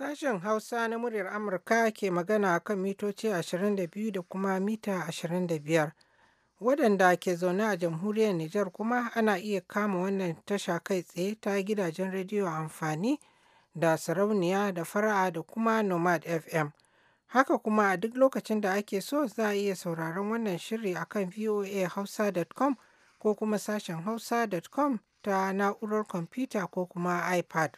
Sashen Hausa na muryar Amurka ke magana kan mitoci 22 da kuma mita 25. Waɗanda ke zaune a jamhuriyar Nijar kuma ana iya kama wannan tasha kai tsaye ta gidajen rediyo amfani da sarauniya da fara'a da kuma Nomad FM. Haka kuma a duk lokacin da ake so za a iya sauraron wannan shiri akan voahausa.com ko kuma sashen hausa.com ta na'urar kwamfuta ko kuma iPad.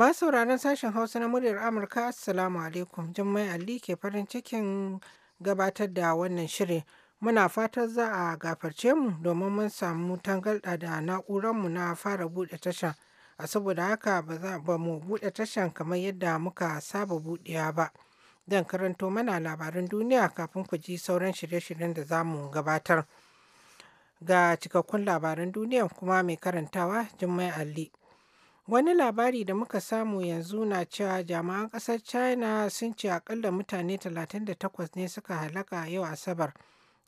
Masu sauraron sashen Hausa na muryar Amurka Assalamu alaikum Jummai Ali ke farin cikin gabatar da wannan shiri Muna fatar za a gafarce mu domin mun samu tangalɗa da na'uranmu na fara buɗe tashan. A saboda haka ba mu buɗe tashan kamar yadda muka saba buɗewa ba. Zan karanto mana labarin duniya kafin ku ji sauran shirye-shiryen da za mu gabatar. Ga cikakkun labaran duniya kuma mai karantawa Jummai Ali. Wani labari da muka samu yanzu na cewa jama'an ƙasar China sun ce akalla mutane 38 ne suka halaka yau Asabar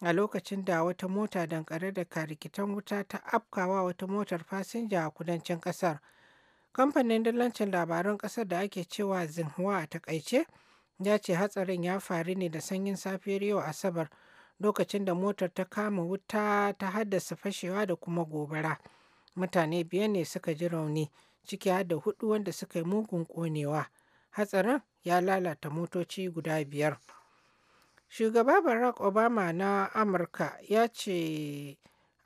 a lokacin da wata mota dankare da karikitan wuta ta afkawa wata motar fasinja a kudancin ƙasar. Kamfanin dillancin labaran ƙasar da ake cewa Xinhua a takaice ya ce hatsarin ya faru ne da sanyin safiyar yau Asabar lokacin da motar ta kama wuta ta haddasa fashewa da kuma gobara. Mutane biyar ne suka ji rauni. ciki har da hudu wanda suka yi mugun konewa. Hatsarin ya lalata motoci guda biyar. Shugaba Barack Obama na Amurka ya ce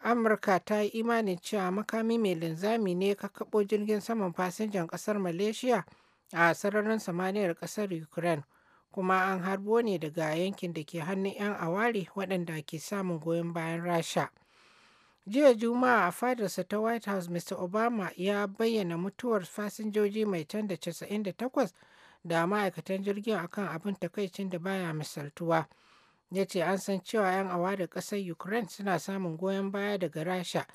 Amurka ta yi imanin cewa makami mai linzami ne ka kabo jirgin saman fasinjan ƙasar Malaysia a sararin samaniyar ƙasar Ukraine kuma an harbo ne daga yankin da ke hannun 'yan awari waɗanda ke samun goyon bayan Rasha. jiya juma'a a fadarsa ta white house mr obama ya bayyana mutuwar fasinjoji mai can da 98 da ma'aikatan jirgin akan abin takaicin da baya misaltuwa ya ce an san cewa 'yan awa da ƙasar ukraine suna samun goyon baya daga rasha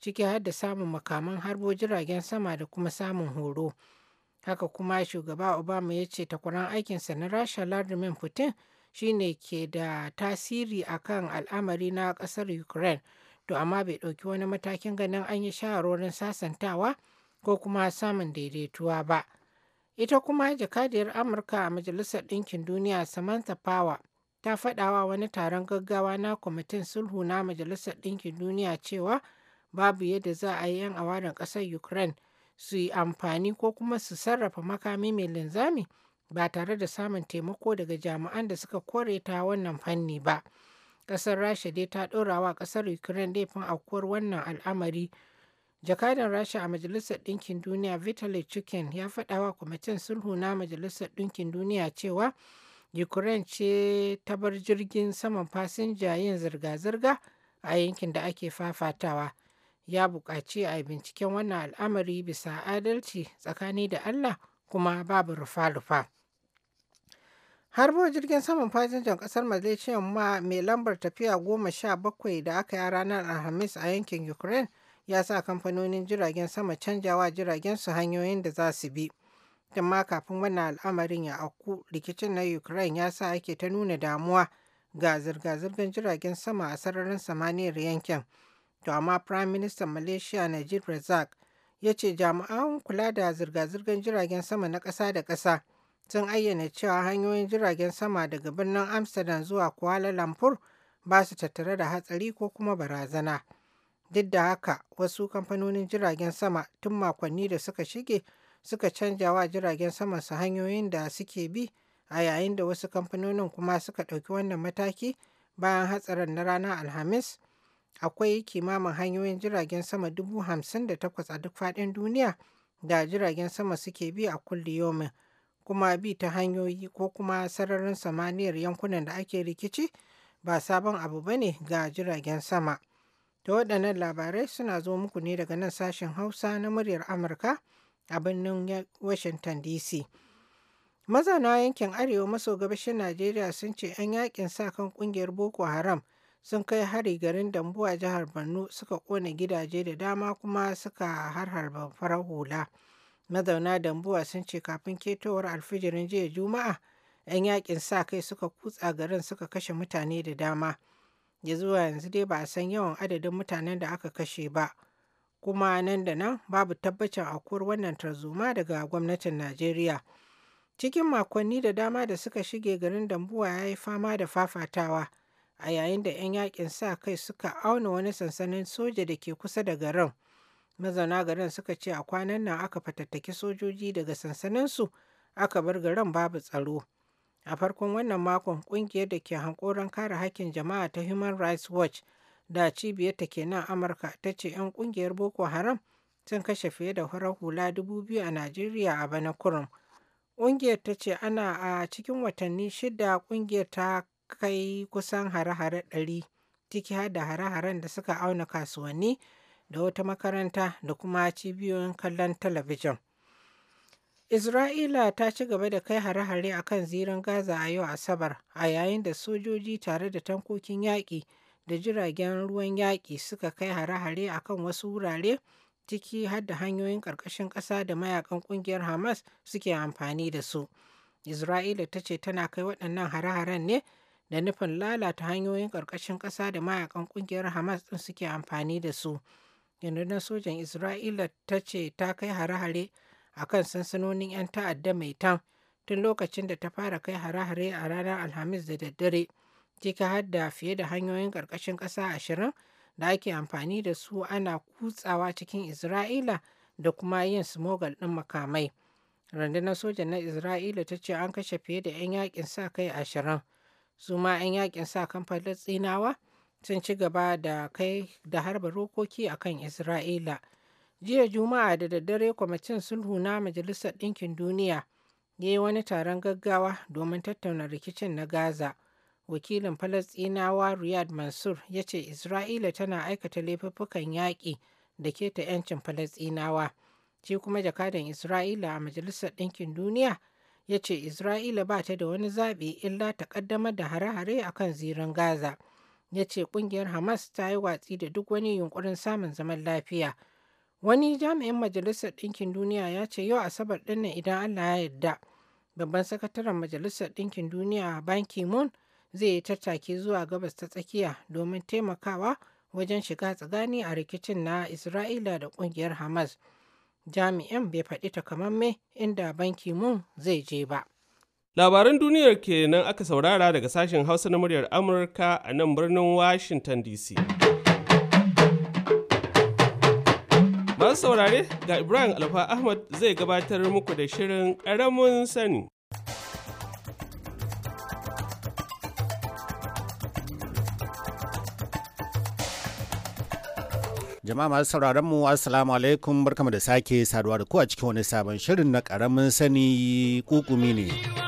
ciki har da samun makaman harbo jiragen sama da kuma samun horo haka kuma shugaba obama ya ce takwaran aikinsa na rasha vladimir putin shine ke da tasiri akan al'amari na ƙasar ukraine to amma bai ɗauki wani matakin ganin an yi shawarorin sasantawa ko kuma samun daidaituwa ba. Ita kuma jakadiyar Amurka a Majalisar Ɗinkin Duniya Samantha Power ta faɗawa wani taron gaggawa na kwamitin sulhu na Majalisar Ɗinkin Duniya cewa babu yadda za a yi 'yan awarin ƙasar Ukraine su yi amfani ko kuma su sarrafa makami mai linzami ba tare da samun taimako daga jami'an da suka kore ta wannan fanni ba. kasar Rasha dai ta dora wa kasar Ukraine laifin aukuwar wannan al'amari. Jakadan Rasha a Majalisar Ɗinkin Duniya Vitaly Chukin ya faɗa wa kwamitin sulhu na Majalisar Ɗinkin Duniya cewa Ukraine ce ta bar jirgin saman fasinja yin zirga-zirga a yankin da ake fafatawa. Ya buƙaci a binciken wannan al'amari bisa adalci tsakani da Allah kuma babu rufa-rufa. harbo jirgin saman fasinjan kasar malaysia ma mai lambar tafiya goma sha bakwai da aka yi ranar alhamis a yankin ukraine ya sa kamfanonin jiragen sama canjawa jiragen su hanyoyin da za su bi don ma kafin wannan al'amarin ya auku rikicin na ukraine ya sa ake ta nuna damuwa ga zirga-zirgar jiragen sama a sararin samaniyar yankin to amma prime minister malaysia najib razak ya ce jami'an kula da zirga-zirgar jiragen sama na ƙasa da ƙasa sun ayyana cewa hanyoyin jiragen sama daga birnin Amsterdam zuwa Kuala Lumpur ba su tattare da hatsari ko kuma barazana. Duk da haka, wasu kamfanonin jiragen sama tun makonni da suka shige suka canja wa jiragen sama su hanyoyin da suke bi a yayin da wasu kamfanonin kuma suka ɗauki wannan mataki bayan hatsarin na ranar Alhamis. Akwai kimamin hanyoyin jiragen sama dubu hamsin da takwas a duk faɗin duniya da jiragen sama suke bi a kulli yomin. kuma bi ta hanyoyi ko kuma sararin samaniyar yankunan da ake rikici ba sabon abu ba ne ga jiragen sama. ta waɗannan labarai suna zo muku ne daga nan sashen Hausa na muryar Amurka a birnin Washington DC. Mazana yankin Arewa maso gabashin Najeriya sun ce 'yan yakin sa kan ƙungiyar Boko Haram sun kai hari garin Dambuwa jihar Borno suka kone gidaje da dama kuma suka harharba farar hula. Mazauna Dambuwa sun ce kafin ketowar alfijirin jiya Juma'a, 'yan yakin sa kai suka kutsa garin suka kashe mutane da dama. Ya zuwa yanzu dai ba a san yawan adadin mutanen da aka kashe ba. Kuma nan da nan babu tabbacin akwai wannan tarzoma daga gwamnatin Najeriya. Cikin makonni da dama da suka shige garin Dambuwa ya yi fama da fafatawa a yayin da 'yan yakin sa kai suka auna wani sansanin soja da ke kusa da garin. Mazauna garin suka ce a kwanan nan aka fatattaki sojoji daga sansaninsu aka bar garin babu tsaro. A farkon wannan makon kungiyar da ke hankoron kare hakkin jama'a ta Human Rights Watch da ta ke nan Amurka ta ce 'yan kungiyar Boko Haram sun kashe fiye da farar hula dubu biyu a Najeriya a bana kurum. Kungiyar ta ce ana a cikin watanni shida kungiyar ta kai kusan hare-hare ɗari ciki har da hare-haren da suka auna kasuwanni da wata makaranta da kuma cibiyoyin kallon talabijin. Isra'ila ta ci gaba da kai hare-hare a kan zirin Gaza a yau Asabar a yayin da sojoji tare da tankokin yaƙi da jiragen ruwan yaƙi suka kai hare-hare a kan wasu wurare ciki har da hanyoyin ƙarƙashin ƙasa da mayakan ƙungiyar Hamas suke amfani da su. Isra'ila ta ce tana kai waɗannan hare-haren ne da nufin lalata hanyoyin ƙarƙashin ƙasa da mayakan ƙungiyar Hamas ɗin suke amfani da su. rundunar sojan isra'ila ta ce ta kai hare-hare a kan sansanonin 'yan ta'adda mai tan tun lokacin da ta fara kai hare-hare a ranar alhamis da daddare ciki har da fiye da hanyoyin ƙarƙashin ƙasa ashirin da ake amfani da su ana kutsawa cikin isra'ila da kuma yin smogal ɗin makamai rundunar sojan na isra'ila ta ce an kashe fiye da 'yan yakin sa kai ashirin su ma 'yan yakin sa kan falastinawa sun ci gaba da kai da harba rokoki a kan isra'ila jiya juma'a da daddare kwamitin sulhu na majalisar ɗinkin duniya ya yi wani taron gaggawa domin tattauna rikicin na gaza wakilin falasɗinawa riyad mansur ya ce isra'ila tana aikata laifuffukan yaƙi da keta 'yancin falasɗinawa shi kuma jakadan isra'ila a majalisar ɗinkin duniya ya ce isra'ila ba ta da wani zaɓi illa ta ƙaddamar da hare-hare akan zirin gaza. ya ce kungiyar hamas ta yi watsi da duk wani yunkurin samun zaman lafiya wani jami'in majalisar ɗinkin duniya ya ce yau asabar ɗinnan idan allah ya yarda babban sakataren majalisar ɗinkin duniya ban ki-moon zai yi tattaki zuwa gabas ta tsakiya domin taimakawa wajen shiga tsagani a rikicin na isra'ila da kungiyar hamas jami'in bai faɗi takamamme inda ban ki-moon zai je ba Labaran duniyar kenan aka saurara daga sashen Hausa na muryar Amurka a nan birnin Washington DC. Masu saurare ga Ibrahim Alfa Ahmad zai gabatar muku da shirin ƙaramin sani. Jama'a masu sauraron mu Assalamu alaikum barkamu da sake saduwa da ku a cikin wani sabon shirin na ƙaramin sani kukumi ne.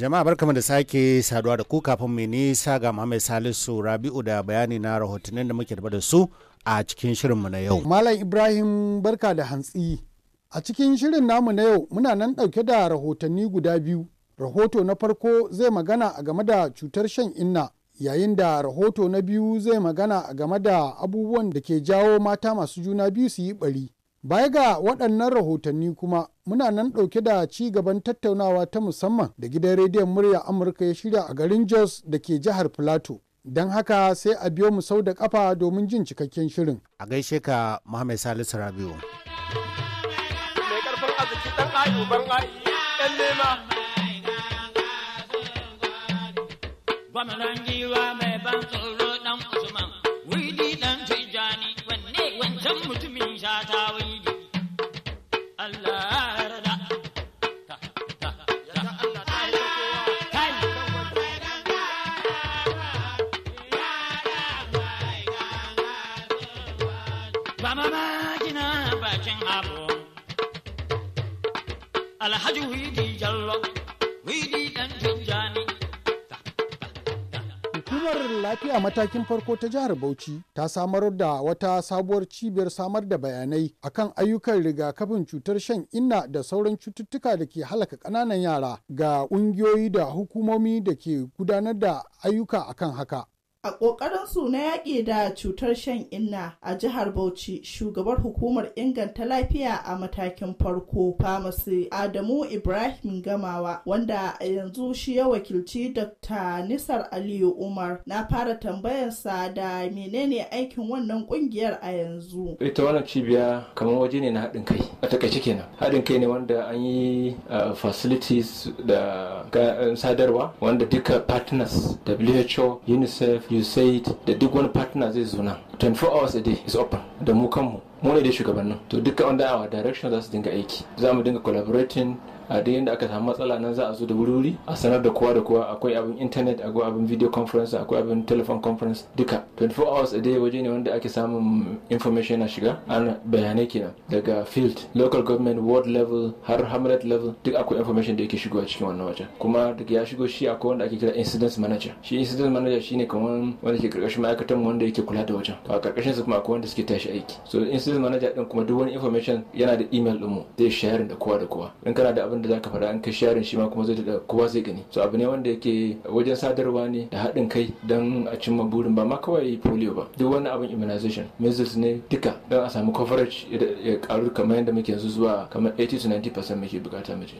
Jama'a barkamu da sake saduwa da ku kafin mai nisa ga Muhammad Salisu Rabi'u da bayani na rahotannin da muke da su a cikin shirinmu na yau. Malam Ibrahim barka da hantsi. A cikin shirin namu na yau muna nan ɗauke da rahotanni guda biyu. Rahoto na farko zai magana a game da cutar shan inna yayin da rahoto na biyu zai magana a game da abubuwan da ke jawo mata masu juna biyu su yi bari. Baya ga waɗannan rahotanni kuma muna nan ɗauke da ci gaban tattaunawa ta musamman da gidan rediyon murya Amurka ya shirya a garin Jos da ke jihar Filato. Don haka sai a biyo mu sau da ƙafa domin jin cikakken shirin. A gaishe ka Muhammad Salisu Rabiu. Mai wancan mutumin alhaji jallo Wili dan Hukumar lafiya matakin farko ta jihar Bauchi ta samar da wata sabuwar cibiyar samar da bayanai akan ayyukan rigakafin cutar shan inna da sauran cututtuka da ke halaka ƙananan yara ga ƙungiyoyi da hukumomi da ke gudanar da ayyuka akan haka. A su na yaƙi da cutar shan inna a jihar Bauchi, shugabar hukumar inganta lafiya a matakin farko, Famasi Adamu Ibrahim Gamawa, wanda yanzu shi ya wakilci Dr. Nisar Aliyu Umar, na fara tambayarsa da menene aikin wannan ƙungiyar a yanzu. Ita wannan cibiya kamar waje ne na haɗin kai, a takaice kenan. Haɗin kai ne wanda an yi facilities da sadarwa, wanda duka partners WHO, UNICEF, said da duk wani partner zai zo nan 24 hours a day is open da mu kanmu mu ne da shugabannin to duka under our direction za su dinga aiki za mu dinga collaborating a da yadda aka samu matsala nan za a zo da wuri a sanar da kowa da kowa akwai abin internet akwai abin video conference akwai abin telephone conference duka 24 hours a day waje ne wanda ake samun information na shiga an bayanai kenan daga field local government world level har hamlet level duk akwai information da yake shigowa cikin wannan wajen kuma daga ya shigo shi akwai wanda ake kira incident manager shi incident manager shine kamar wanda ke karkashin ma'aikatan wanda yake kula da wajen to a karkashin su kuma akwai wanda suke tashi aiki so incident manager din kuma duk wani information yana da email din mu zai sharing da kowa da kowa in kana da abin abin da zaka faɗa an kai sharin shi ma kuma zai da kowa zai gani so abu ne wanda yake wajen sadarwa ne da haɗin kai don a cimma burin ba ma kawai polio ba duk wani abin immunization measles ne duka don a samu coverage ya karu kamar yadda muke yanzu zuwa kamar 80 to 90% muke bukata muke,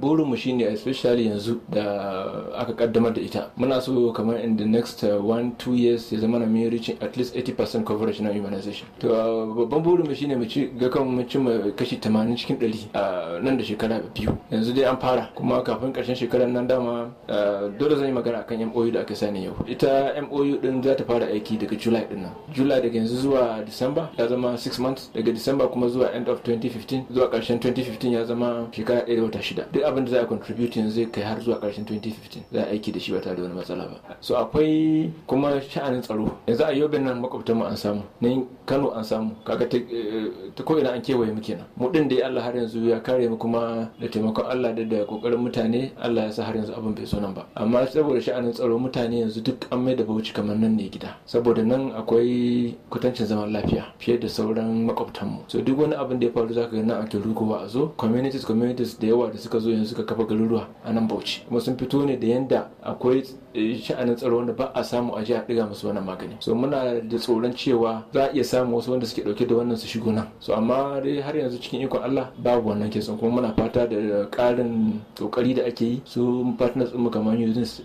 burin mu shine especially yanzu da aka kaddamar da ita muna so kamar in the next 1 uh, 2 years ya zama na mun reaching at least 80% coverage na immunization to uh, babban burin mu shine mu ci ga kan mu cimma kashi 80 cikin 100 uh, nan da shekara biyu yanzu dai an fara kuma kafin karshen shekarar nan dama eh, dole zan yi magana akan MOU da aka sani yau ita MOU din za ta fara aiki daga July din nan July daga yanzu zuwa December ya zama 6 months daga December kuma zuwa end of 2015 zuwa karshen 2015 ya zama shekara ɗaya wata shida duk abin da za a contribute yanzu zai kai har zuwa karshen 2015 za a aiki da shi ba tare da wani matsala ba so akwai kuma sha'anin tsaro yanzu a yobin nan makwabtanmu an samu ne Kano an samu kaga ta eh, ko ina an kewaye mu kenan mu din da Allah har yanzu ya kare mu kuma da taimakon Allah da da kokarin mutane Allah ya sa har yanzu abin bai so nan ba amma saboda sha'anin tsaro mutane yanzu duk an mai da bauchi kamar nan ne gida saboda nan akwai kutancin zaman lafiya fiye da sauran mu, so duk wani abin da ya faru zaka ga nan ake rugowa a zo communities communities da yawa da suka zo yanzu suka kafa garuruwa a nan bauchi kuma sun fito ne da yanda akwai eh, sha'anin tsaro wanda ba a samu a a diga musu wannan magani so muna da tsoron cewa za a iya samu wasu wanda suke dauke da wannan su shigo nan so amma dai har yanzu cikin ikon Allah babu wannan kesan kuma muna fata da ƙarin karin kokari da ake yi su partners mu kamar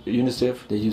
unicef da who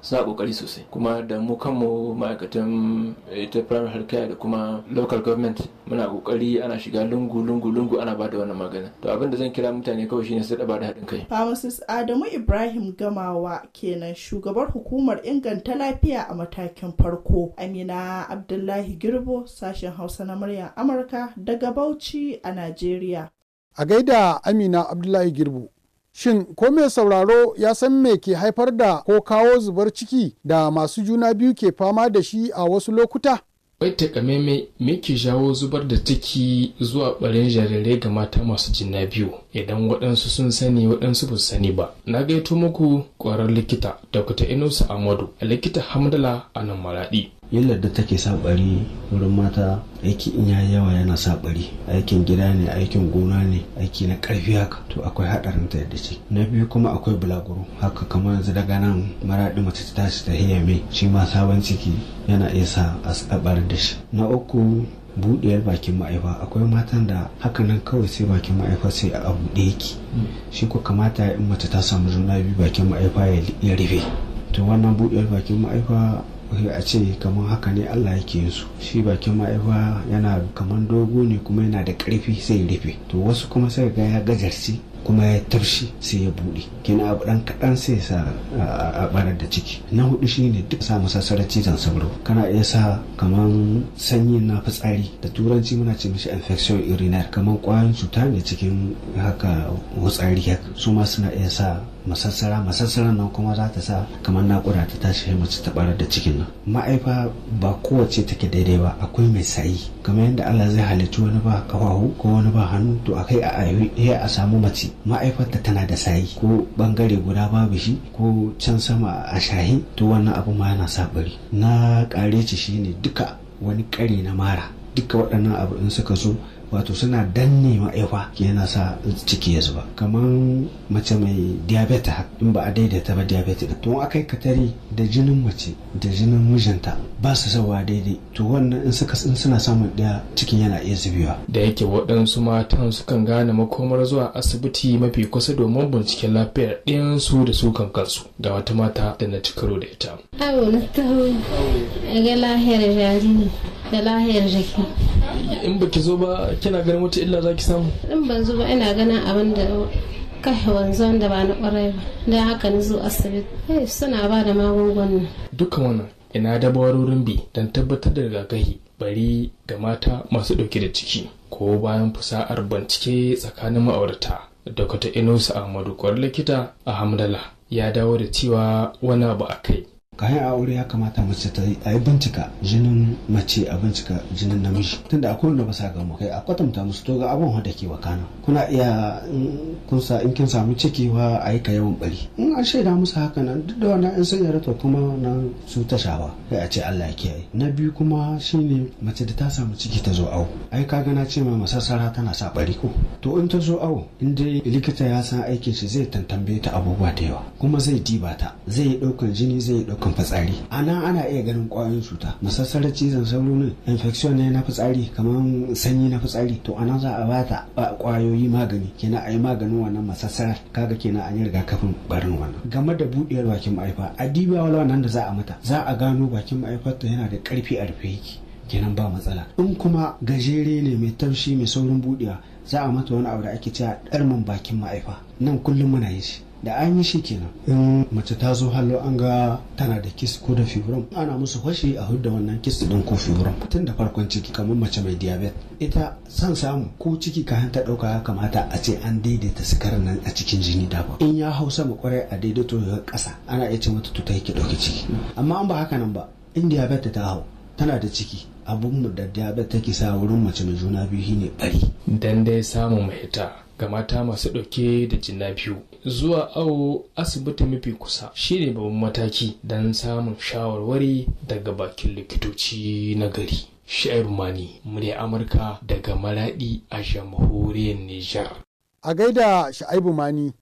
suna kokari sosai kuma da mu kanmu ma'aikatan ita eh, primary da kuma local government muna kokari ana shiga lungu lungu lungu ana ba da wannan magana to abin da zan kira mutane kawai shine su da haɗin kai pharmacist adamu ibrahim gamawa kenan shugabar hukumar inganta lafiya a matakin farko amina abdullahi girbo sashen hausa na murya amurka daga bauchi a najeriya A gaida Amina Abdullahi Girbu. Shin ko mai sauraro ya san me ke haifar da ko kawo zubar ciki da masu juna biyu ke fama da shi a wasu lokuta? Bai takamaimai me ke jawo zubar da ciki zuwa ɓarin jarirai ga mata masu jina biyu idan waɗansu sun sani waɗansu ba sani ba. Na gaito muku ƙwarar likita Dr. Inusa Amadu a likita Hamdala a nan Maraɗi. Yallar da take sa wurin mata aiki in ya yawa yana sa aikin gida ne aikin gona ne aiki na karfi haka to akwai hadarin ta yadda ce na biyu kuma akwai bulaguro haka kamar yanzu daga nan maraɗi mace ta tashi ta hiya mai shi ma sabon ciki yana iya sa a barar da shi na uku buɗiyar bakin ma'aifa akwai matan da haka nan kawai sai bakin ma'aifa sai a buɗe yake shi ko kamata in mace ta samu juna biyu bakin ma'aifa ya rufe to wannan buɗiyar bakin ma'aifa a ce kamar haka ne Allah yake yin su shi bakin ma'aifa yana kamar dogo ne kuma yana da ƙarfi sai ya rufe to wasu kuma sai ga ya gajarci kuma ya tafshi sai ya buɗe kina abu ɗan kaɗan sai sa a barar da ciki na hudu shine duk sa masa sarar cizon sauro kana iya sa kamar sanyi na fitsari da turanci muna ce mishi infection urinary kamar ƙwayan cuta ne cikin haka wutsari su ma suna iya sa masassara masassara nan kuma za ta sa kamar naƙuda ta tashi mace ta barar da cikin nan ma'aifa ba kowace take daidai ba akwai mai sayi kamar yadda Allah zai halittu wani ba kafahu ko wani ba hannu to akai a ayi a samu mace ma'aifar ta tana da sayi ko bangare guda babu shi ko can sama a shahi to wannan abu ma yana sa bari na kare ci shine duka wani kari na mara duka waɗannan abu in suka zo wato suna danne ma'aifa ke yana sa ciki ya zuba kamar mace mai diabetes in ba a daidaita ba diabetes da tun akai katari da jinin mace da jinin mijinta ba su sauwa daidai to wannan in suka in suna samun daya cikin yana iya zubewa da yake waɗansu matan sukan gane makomar zuwa asibiti mafi kusa domin binciken lafiyar ɗayansu da su kansu da wata mata da na ci karo da ita. Awo na taho ga lahiyar jariri da lahiyar jiki in baki zo ba kina ganin wata illa za ki samu in ban zo ba ina ganin abin da kai wanzu da ba na kwarai ba don haka na zo asibiti eh, suna ba da magungunan. dukkan wannan ina dabarorin bi don tabbatar da rigakafi bari ga mata masu ɗauke da ciki ko bayan fusa'ar bincike tsakanin ma'aurata dokta inusa ahmadu kwar likita a hamdala ya dawo da cewa wani abu a kai kayan aure ya kamata mace ta yi a bincika jinin mace a bincika jinin namiji tunda akwai wanda ba sa gama kai a kwatanta musu to ga abin wanda ke wakana kuna iya kun sa in kin samu cikewa a yi ka yawan bari in an shaida musu haka nan duk da wannan an sanya to kuma nan su ta shawa kai a ce Allah ya kiyaye na biyu kuma shine mace da ta samu ciki ta zo awo ai ka gana ce mai masassara tana sa bari ko to in ta zo awo in dai likita ya san aikin shi zai tantambe ta abubuwa da yawa kuma zai diba ta zai ɗaukan jini zai ɗaukar. kan fitsari a nan ana iya ganin ƙwayoyin cuta masassarar cizon sauro ne infection ne na fitsari kamar sanyi na fitsari to anan za a bata ƙwayoyi magani kenan a yi maganin wannan masassarar kaga kenan an yi rigakafin barin wannan game da buɗewar bakin mahaifa a diba wannan da za a mata za a gano bakin mahaifar ta yana da ƙarfi a rufe yake kenan ba matsala in kuma gajere ne mai taushi mai saurin buɗewa za a mata wani abu da ake cewa ɗarmin bakin mahaifa nan kullum muna yi shi da an yi shi kenan in mace ta zo hallo an ga tana da kis ko da fibrom ana musu fashi a da wannan kis din ko fibrom tun da farkon ciki kamar mace mai diyabet. ita san samu ko ciki kayan ta dauka ya kamata a ce an daidaita sukar nan a cikin jini daban in ya hau sama kwarai a daidaito ya kasa ana iya ce mata to ta yake dauki ciki amma an ba haka nan ba in diabet ta hau tana da ciki abun mu da diabet take sa wurin mace mai juna biyu ne bari dan dai samu mahita ga mata masu ɗauke da jina biyu zuwa awo asibiti mafi kusa shine babban mataki don samun shawarwari daga bakin likitoci na gari sha'ir mani murya amurka daga maraɗi a jamhuriyar nijar a gaida sha'aibu mani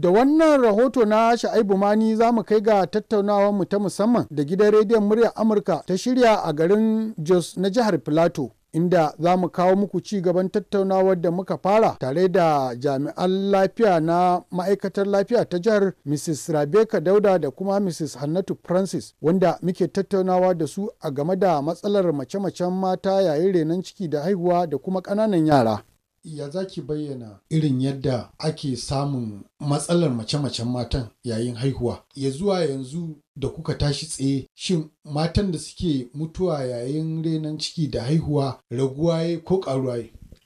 Da wannan rahoto na Sha'aibu Mani za mu kai ga tattaunawar mu ta musamman da gidan rediyon muryar Amurka ta shirya a garin Jos na jihar plateau inda za mu kawo muku ci gaban tattaunawar da muka fara tare da jami'an lafiya na ma'aikatar lafiya ta jihar mrs rabeka dauda da kuma mrs hannatu francis wanda muke tattaunawa da su a game da matsalar mace-macen mata yayin renon ciki da haihuwa da kuma ƙananan yara ya za ki bayyana irin yadda ake samun matsalar mace-macen matan yayin haihuwa ya zuwa yanzu da kuka tashi tsaye shin matan da suke mutuwa yayin renon ciki da haihuwa raguwa ya ko karuwa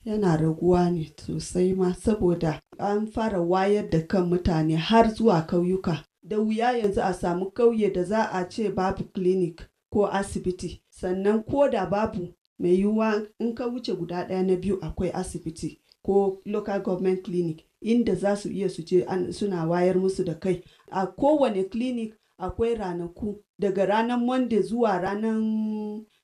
yana raguwa ne sosai ma saboda an fara wayar da kan mutane har zuwa kauyuka da wuya yanzu a samu kauye da za a ce babu clinic ko asibiti sannan ko da babu mai yiwuwa in ka wuce guda ɗaya na biyu akwai asibiti ko local government clinic inda za su iya su suna wayar musu da kai a kowane clinic akwai ranaku daga ranar monday zuwa ranar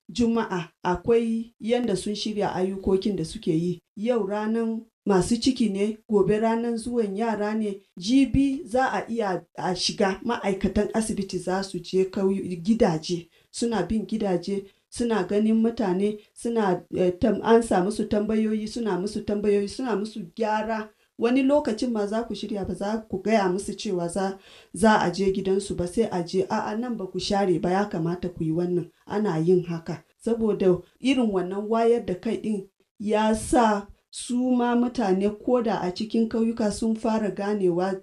juma'a akwai yadda sun shirya ayyukokin da suke yi yau ranar masu ciki ne gobe ranar zuwan yara ne jibi za a iya a shiga ma'aikatan asibiti za su je gidaje suna bin gidaje suna ganin mutane suna eh, an sa musu tambayoyi suna musu tambayoyi suna musu gyara wani lokacin ma za ku shirya ba za ku gaya musu cewa za a je gidansu ba sai a je a'a nan ba ku share ba ya kamata ku yi wannan ana yin haka saboda irin wannan wayar da kai din ya sa su ma mutane koda a cikin kauyuka sun fara ganewa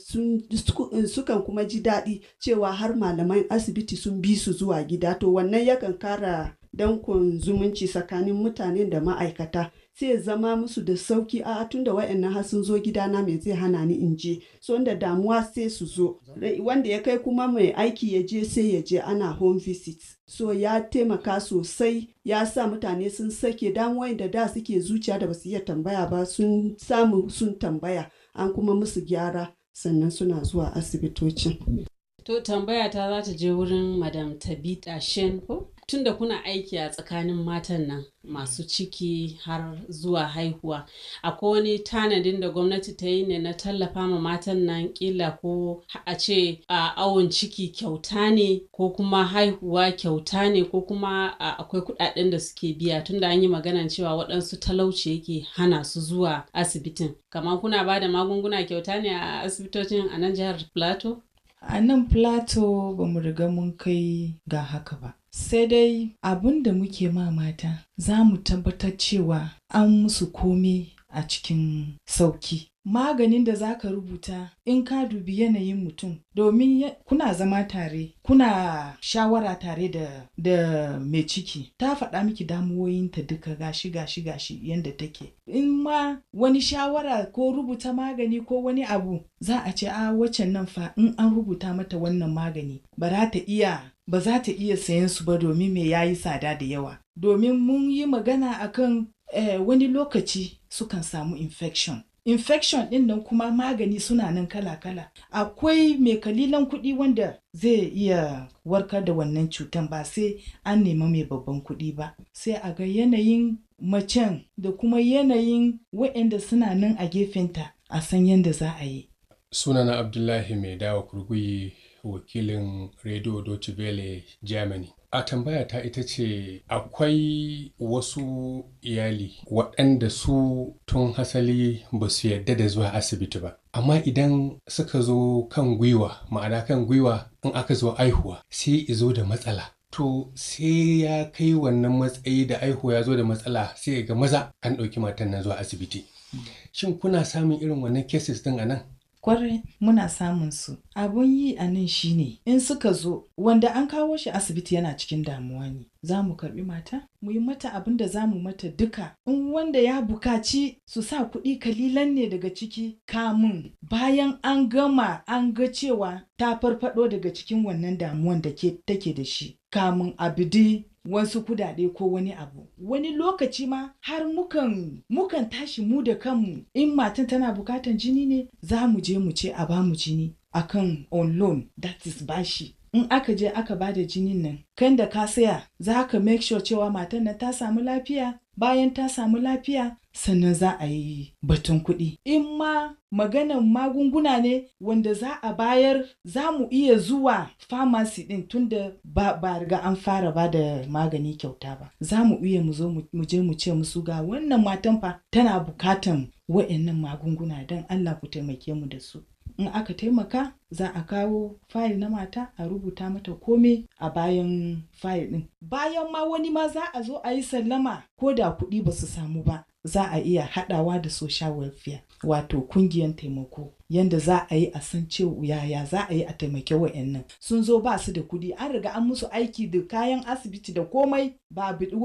sukan kuma ji daɗi cewa har malaman asibiti sun bi su zuwa gida to wannan yakan kara dankon zumunci tsakanin mutane da ma'aikata sai zama musu da sauki a tun da wa'annan har sun zo gidana mai zai hana ni in je so da damuwa sai su zo wanda ya kai kuma mai aiki ya je sai ya je ana home visit so ya taimaka sosai ya sa mutane sun sake damuwa da da suke zuciya da basu iya tambaya ba sun samu sun tambaya an kuma musu gyara sannan suna zuwa asibitocin to tambaya ta za ta je wurin madam tabita shen ko tunda kuna aiki a tsakanin matan nan masu ciki har zuwa haihuwa akwai wani tanadin da gwamnati ta yi ne na tallafa ma matan nan kila ko a ce a awon ciki kyauta ne ko kuma haihuwa kyauta ne ko kuma akwai kudaden da suke biya tunda an yi maganan cewa waɗansu talauci yake hana su zuwa asibitin kamar kuna ba da magunguna kyauta ne a asibitocin a nan jihar plateau a nan plato ba mu riga mun kai ga haka ba sai dai abin da muke ma mata za mu tabbatar cewa an musu komai. a cikin sauki maganin da za ka rubuta in ka dubi yanayin mutum domin kuna zama tare kuna shawara tare da, da mai ciki ta faɗa miki damuwoyinta duka gashi gashi gashi yadda take in ma wani shawara ko rubuta magani ko wani abu za a ce a waccan nan fa in an rubuta mata wannan magani ba za ta iya ba za ta iya sayan su ba domin mai yayi tsada da yawa domin mun yi magana akan eh, wani lokaci sukan samu infection infection din nan kuma magani suna nan kala-kala akwai mai kalilan kuɗi wanda zai iya warkar da wannan cutan ba sai an nemi mai babban kuɗi ba sai a ga yanayin macen da kuma yanayin waɗanda suna nan a gefenta a san yadda za a yi sunana abdullahi mai dawa kurguyi wakilin radio deutsche welle germany a tambaya ta ita ce akwai wasu iyali waɗanda su tun hasali ba su yarda da zuwa asibiti ba amma idan suka zo kan gwiwa ma'ana kan gwiwa in aka zo aihuwa sai izo da matsala to sai ya kai wannan matsayi da aihuwa ya zo da matsala sai ga maza an ɗauki matan nan zuwa asibiti hmm. shin kuna samun irin wannan cases din a nan kwarai muna samun su abun yi a nan shine in suka zo wanda an kawo shi asibiti yana cikin damuwa ne za mu karbi mata mu yi mata abin da za mu mata duka in wanda ya bukaci su sa kuɗi kalilan ne daga ciki kamun bayan an gama an ga cewa ta farfado daga cikin wannan damuwan da take da shi kamun abidi wasu kudade ko wani abu wani lokaci ma har mukan mukan tashi mu da kanmu in matan tana bukatan jini ne za mu je mu ce a bamu jini akan on loan that is bashi in aka je aka bada jinin nan kan da ka saya za ka make sure cewa matan nan ta samu lafiya bayan ta samu lafiya sannan za a yi batun kuɗi. In ma maganan magunguna ne wanda za a bayar za mu iya zuwa famasi ɗin tunda ba, ba riga an fara ba da magani kyauta ba. Za mu iya mu zo mu je mu ce musu ga wannan matan fa tana bukatan wa'annan magunguna don Allah ku taimake mu da su. In aka taimaka za a kawo fayil na mata a rubuta mata komai a bayan fayil ɗin. Bayan ma wani ma za a zo a yi sallama ko da kuɗi ba su samu ba. za a iya haɗawa da social welfare wato kungiyan taimako yanda za a yi a san cewa yaya za a yi a taimake wa'annan sun zo ba su da kuɗi an riga an musu aiki da kayan asibiti da komai ba biɗi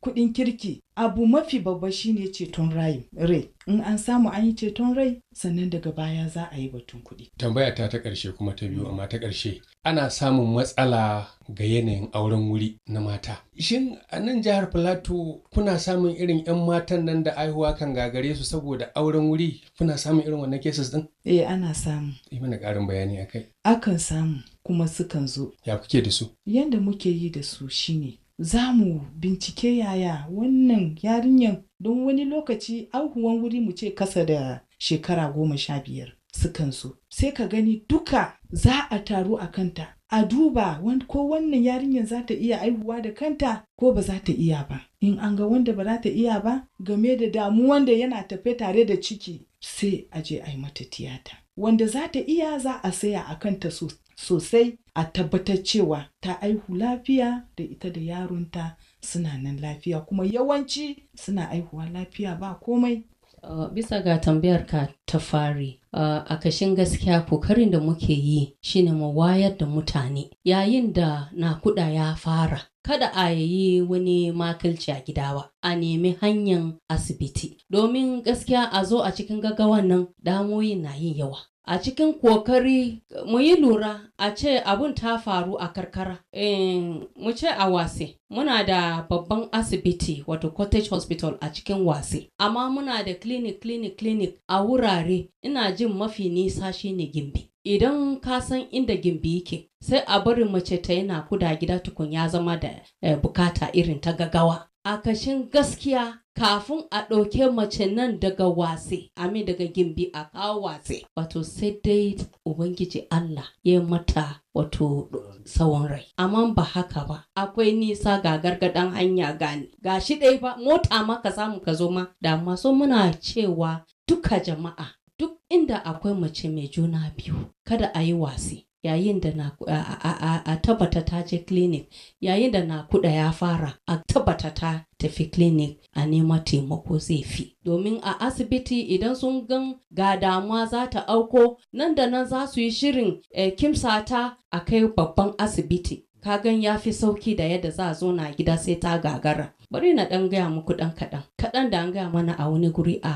kuɗin kirki abu mafi babba shine ceton rai rai in an samu an yi ceton rai sannan daga baya za a yi batun kuɗi tambaya ta ta ƙarshe kuma ta biyu amma ta ƙarshe ana samun matsala ga yanayin auren wuri na mata shin a nan jihar filato kuna samun irin 'yan matan nan da aihuwa kan gagare su saboda auren wuri kuna samun irin wannan cases din eh ana samu yi mana ƙarin bayani a kai akan samu kuma sukan zo ya kuke da su yanda muke yi da su shine za mu bincike yaya wannan yarinyan don wani lokaci auhuwan wuri mu ce kasa da shekara goma sha biyar sukan zo sai ka gani duka za a taru a kanta a duba ko wannan yarinyar za ta iya aihuwa da kanta ko ba za ta iya ba in an ga wanda ba za ta iya ba game da damu wanda yana tafe tare da ciki sai a je a yi mata tiyata wanda za ta iya za a saya a kanta sosai a tabbatar cewa ta aihu lafiya da ita da yaronta suna nan lafiya kuma yawanci suna aihuwa lafiya ba komai Uh, bisa ga tambayar ka ta fari uh, a kashin gaskiya kokarin da muke yi shine mu wayar da mutane yayin da na nakuda ya fara kada a yi wani makilci a gida ba a nemi hanyar asibiti domin gaskiya a zo a cikin gaggawan nan damoyin na yin yawa a cikin kokari mu yi lura a ce abun ta faru a karkara ehm, mu ce a wase muna da babban asibiti wato cottage hospital a cikin wase amma muna da clinic clinic clinic a wurare ina jin mafi nisa shine gimbi idan ka san inda gimbi yake sai a bari mace ta yana kuda gida tukun ya zama da eh, bukata irin ta gagawa a kashin gaskiya kafin a ɗauke mace nan daga wase ami daga gimbi a kawo wase wato sai dai ubangiji Allah ya mata wato tsawon rai amma ba haka ba akwai nisa ga gargadan hanya gani ga shi ɗai ba mota ma ka samu ka zo ma da masu muna cewa duka jama'a duk inda akwai mace mai juna biyu kada a yi wasi yayin da na a tabbata ta je clinic yayin da na kuda ya fara a tabbata ta tafi clinic a nema taimako zai fi domin a asibiti idan sun gan ga damuwa za ta auko nan da nan za su yi shirin eh, kimsa ta a kai babban asibiti Ka gan ya fi sauki da yadda za a zo na gida sai ta gagara bari na dan gaya muku dan kaɗan kaɗan da an gaya mana a wani guri a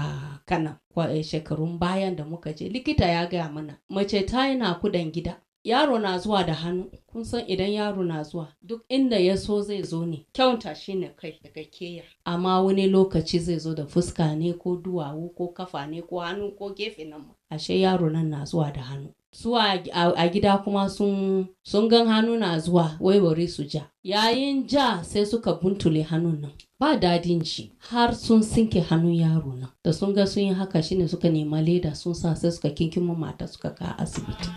kana eh, shekarun bayan da muka je likita ya gaya mana mace ta na kudan gida yaro na zuwa da hannu kun san idan yaro na zuwa duk inda ya so zai zo ne kyauta shi ne kai daga keya amma wani lokaci zai zo da fuska ne ko duwawu ko kafa ne ko hannu ko gefe nan ma ashe yaro nan na zuwa da hannu su a gida kuma sun gan hannu na zuwa waiwari su ja yayin ja sai suka buntule hannun nan ba dadin ji har sun sinke hannun yaro nan da sun ga sun yi haka shine suka nema leda sun sa sai suka kinkimo mata suka ka asibiti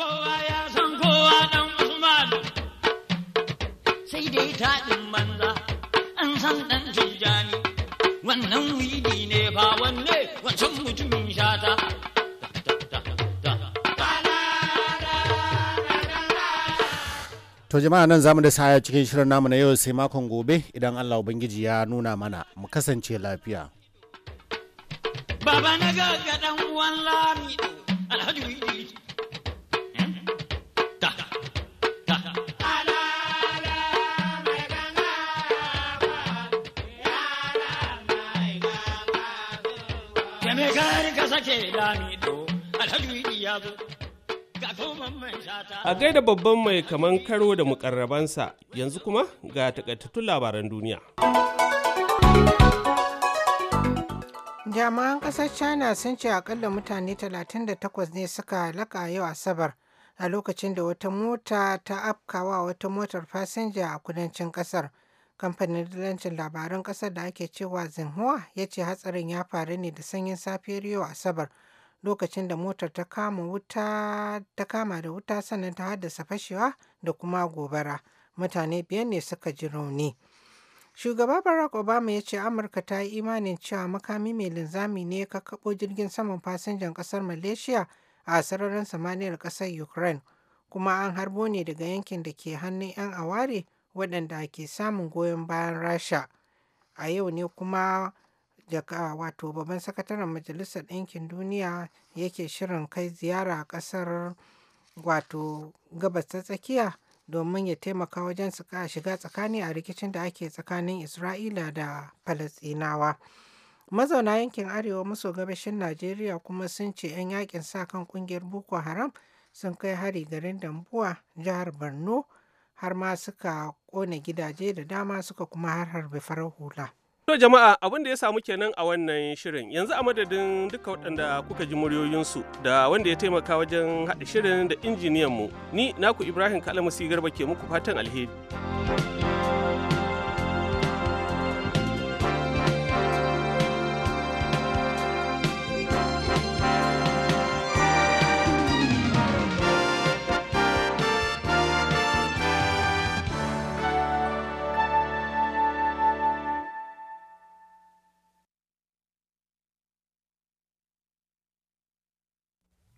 kowa ya san kowa dan Usman. sai dai taɗin banza an san ɗan tijjani wannan wili ne ba wanne wancan mutumin shata To jama'a nan zamu da saya cikin shirin namu na yau sai makon gobe idan Allah Ubangiji ya nuna mana mu kasance lafiya. Baba na ga dan uwan Lami Alhaji A gaida babban mai kaman karo da mukarrabansa yanzu kuma ga takaitattun labaran duniya. Jami'an kasar China sun ce akalla mutane 38 ne suka laka yau Asabar a lokacin da wata mota ta afkawa wata motar fasinja a kudancin kasar Kamfanin dalancin labaran ƙasar da ake cewa Zinhua ya ce hatsarin ya faru ne da sanyin safiyar yau Asabar lokacin da motar ta kama da wuta sannan ta haddasa fashewa da kuma gobara. Mutane biyan ne suka ji rauni. Shugaba Barack Obama ya ce Amurka ta yi imanin cewa makami mai linzami ne ka kaɓo jirgin saman fasinjan ƙasar Malaysia a sararin samaniyar ƙasar Ukraine kuma an harbo ne daga yankin da ke hannun 'yan aware waɗanda ke samun goyon bayan Rasha. A yau ne kuma jaka wato babban sakataren Majalisar Ɗinkin Duniya yake shirin kai ziyara a ƙasar wato gabas ta tsakiya domin ya taimaka wajen shiga tsakani a rikicin da ake tsakanin Isra'ila da Falasinawa. Mazauna yankin Arewa maso gabashin Najeriya kuma sun ce 'yan yakin sa kan kungiyar Boko Haram sun kai hari garin Dambuwa, jihar Borno har ma suka kone gidaje da dama suka kuma har harbe farar hula. To jama'a abin da ya samu kenan a wannan shirin yanzu a madadin duka waɗanda kuka ji muryoyinsu da wanda ya taimaka wajen haɗa shirin da injiniyanmu ni naku Ibrahim Kalamusi Garba ke muku fatan alheri.